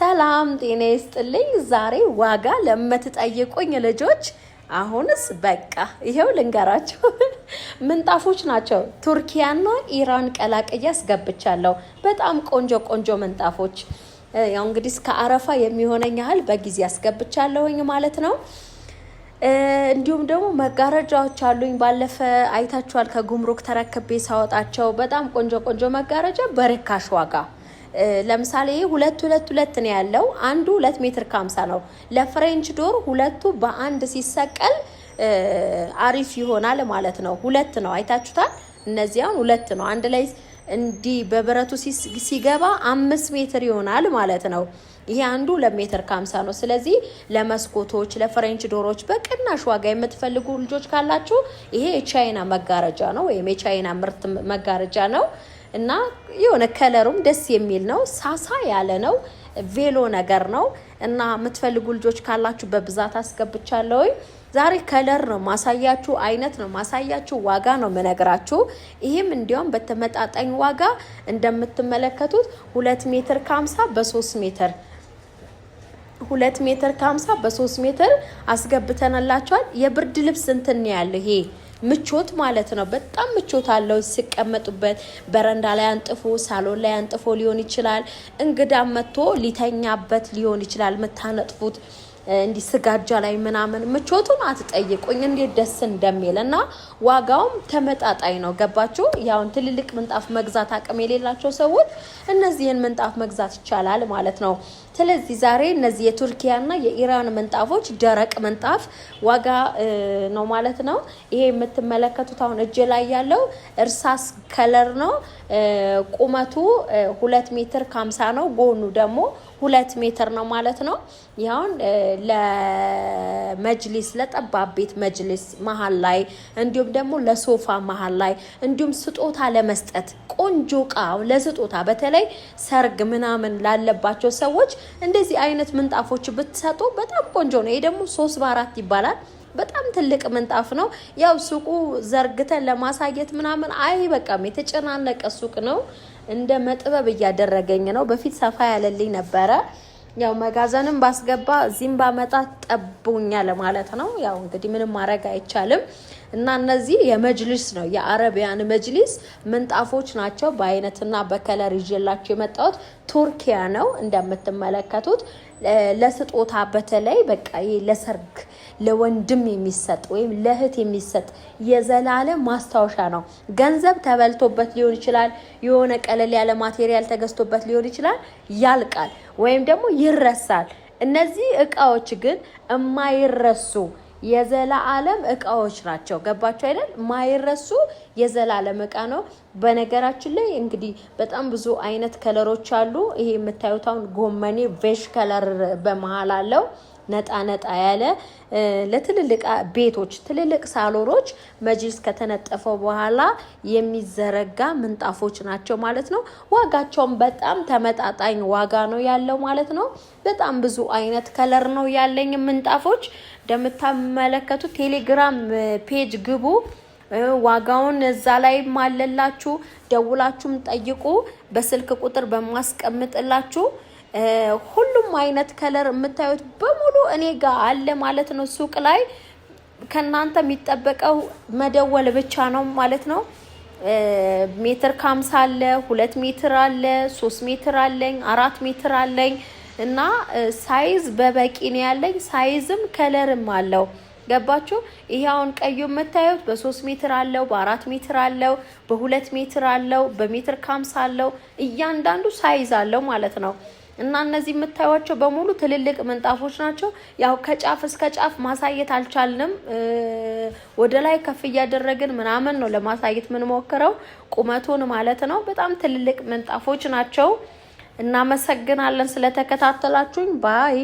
ሰላም ጤና ይስጥልኝ። ዛሬ ዋጋ ለምትጠይቁኝ ልጆች አሁንስ በቃ ይሄው ልንገራቸው። ምንጣፎች ናቸው። ቱርኪያና ኢራን ቀላቅዬ አስገብቻለሁ። በጣም ቆንጆ ቆንጆ ምንጣፎች። ያው እንግዲህ እስከ አረፋ የሚሆነኝ ያህል በጊዜ አስገብቻለሁኝ ማለት ነው። እንዲሁም ደግሞ መጋረጃዎች አሉኝ። ባለፈ አይታችኋል፣ ከጉምሩክ ተረክቤ ሳወጣቸው በጣም ቆንጆ ቆንጆ መጋረጃ በርካሽ ዋጋ ለምሳሌ ሁለት ሁለት ሁለት ነው ያለው። አንዱ ሁለት ሜትር ከሀምሳ ነው ለፍሬንች ዶር። ሁለቱ በአንድ ሲሰቀል አሪፍ ይሆናል ማለት ነው። ሁለት ነው አይታችሁታል። እነዚያውን ሁለት ነው አንድ ላይ እንዲህ በብረቱ ሲገባ አምስት ሜትር ይሆናል ማለት ነው። ይሄ አንዱ ለሜትር ሜትር ከሀምሳ ነው። ስለዚህ ለመስኮቶች፣ ለፍሬንች ዶሮች በቅናሽ ዋጋ የምትፈልጉ ልጆች ካላችሁ ይሄ የቻይና መጋረጃ ነው ወይም የቻይና ምርት መጋረጃ ነው። እና የሆነ ከለሩም ደስ የሚል ነው። ሳሳ ያለ ነው። ቬሎ ነገር ነው እና የምትፈልጉ ልጆች ካላችሁ በብዛት አስገብቻለሁ። ዛሬ ከለር ነው ማሳያችሁ፣ አይነት ነው ማሳያችሁ፣ ዋጋ ነው መነግራችሁ። ይህም እንዲያውም በተመጣጣኝ ዋጋ እንደምትመለከቱት ሁለት ሜትር ከሀምሳ በሶስት ሜትር ሁለት ሜትር ከሀምሳ በሶስት ሜትር አስገብተንላቸዋል። የብርድ ልብስ እንትን ያለ ይሄ ምቾት ማለት ነው። በጣም ምቾት አለው ሲቀመጡበት። በረንዳ ላይ አንጥፎ፣ ሳሎን ላይ አንጥፎ ሊሆን ይችላል። እንግዳ መጥቶ ሊተኛበት ሊሆን ይችላል። የምታነጥፉት እንዲህ ስጋጃ ላይ ምናምን ምቾቱን አትጠይቁኝ እንዴት ደስ እንደሚል እና ዋጋውም ተመጣጣኝ ነው። ገባችሁ? ያውን ትልልቅ ምንጣፍ መግዛት አቅም የሌላቸው ሰዎች እነዚህን ምንጣፍ መግዛት ይቻላል ማለት ነው። ስለዚህ ዛሬ እነዚህ የቱርኪያና የኢራን ምንጣፎች ደረቅ ምንጣፍ ዋጋ ነው ማለት ነው። ይሄ የምትመለከቱት አሁን እጅ ላይ ያለው እርሳስ ከለር ነው። ቁመቱ ሁለት ሜትር ከሀምሳ ነው። ጎኑ ደግሞ ሁለት ሜትር ነው ማለት ነው። ይኸውን ለመጅሊስ ለጠባብ ቤት መጅሊስ መሀል ላይ እንዲሁም ደግሞ ለሶፋ መሀል ላይ እንዲሁም ስጦታ ለመስጠት ቆንጆ እቃ ለስጦታ በተለይ ሰርግ ምናምን ላለባቸው ሰዎች እንደዚህ አይነት ምንጣፎች ብትሰጡ በጣም ቆንጆ ነው። ይሄ ደግሞ ሶስት በአራት ይባላል። በጣም ትልቅ ምንጣፍ ነው። ያው ሱቁ ዘርግተን ለማሳየት ምናምን አይበቃም። የተጨናነቀ ሱቅ ነው። እንደ መጥበብ እያደረገኝ ነው። በፊት ሰፋ ያለልኝ ነበረ። ያው መጋዘንም ባስገባ እዚህም ባመጣ ጠቦኛ ለማለት ነው። ያው እንግዲህ ምንም ማድረግ አይቻልም እና እነዚህ የመጅሊስ ነው የአረቢያን መጅሊስ ምንጣፎች ናቸው። በአይነትና በከለር ይዤላቸው የመጣሁት ቱርኪያ ነው እንደምትመለከቱት ለስጦታ በተለይ በቃ ለሰርግ ለወንድም የሚሰጥ ወይም ለእህት የሚሰጥ የዘላለም ማስታወሻ ነው። ገንዘብ ተበልቶበት ሊሆን ይችላል። የሆነ ቀለል ያለ ማቴሪያል ተገዝቶበት ሊሆን ይችላል። ያልቃል ወይም ደግሞ ይረሳል። እነዚህ እቃዎች ግን የማይረሱ የዘላለም እቃዎች ናቸው። ገባቸው አይደል? ማይረሱ የዘላለም እቃ ነው። በነገራችን ላይ እንግዲህ በጣም ብዙ አይነት ከለሮች አሉ። ይሄ የምታዩት አሁን ጎመኔ ቬሽ ከለር በመሀል አለው ነጣ ነጣ ያለ ለትልልቅ ቤቶች ትልልቅ ሳሎኖች መጅልስ ከተነጠፈው በኋላ የሚዘረጋ ምንጣፎች ናቸው ማለት ነው። ዋጋቸውም በጣም ተመጣጣኝ ዋጋ ነው ያለው ማለት ነው። በጣም ብዙ አይነት ከለር ነው ያለኝ ምንጣፎች። እንደምታመለከቱት ቴሌግራም ፔጅ ግቡ። ዋጋውን እዛ ላይ ማለላችሁ። ደውላችሁም ጠይቁ። በስልክ ቁጥር በማስቀምጥላችሁ ሁሉም አይነት ከለር የምታዩት በሙሉ እኔ ጋር አለ ማለት ነው ሱቅ ላይ። ከእናንተ የሚጠበቀው መደወል ብቻ ነው ማለት ነው። ሜትር ካምሳ አለ፣ ሁለት ሜትር አለ፣ ሶስት ሜትር አለኝ፣ አራት ሜትር አለኝ እና ሳይዝ በበቂ ነው ያለኝ። ሳይዝም ከለርም አለው። ገባችሁ? ይሄ አሁን ቀዩ የምታዩት በሶስት ሜትር አለው፣ በአራት ሜትር አለው፣ በሁለት ሜትር አለው፣ በሜትር ካምሳ አለው። እያንዳንዱ ሳይዝ አለው ማለት ነው። እና እነዚህ የምታዩቸው በሙሉ ትልልቅ ምንጣፎች ናቸው። ያው ከጫፍ እስከ ጫፍ ማሳየት አልቻልንም። ወደ ላይ ከፍ እያደረግን ምናምን ነው ለማሳየት የምንሞክረው ቁመቱን ማለት ነው። በጣም ትልልቅ ምንጣፎች ናቸው። እናመሰግናለን ስለተከታተላችሁኝ ባይ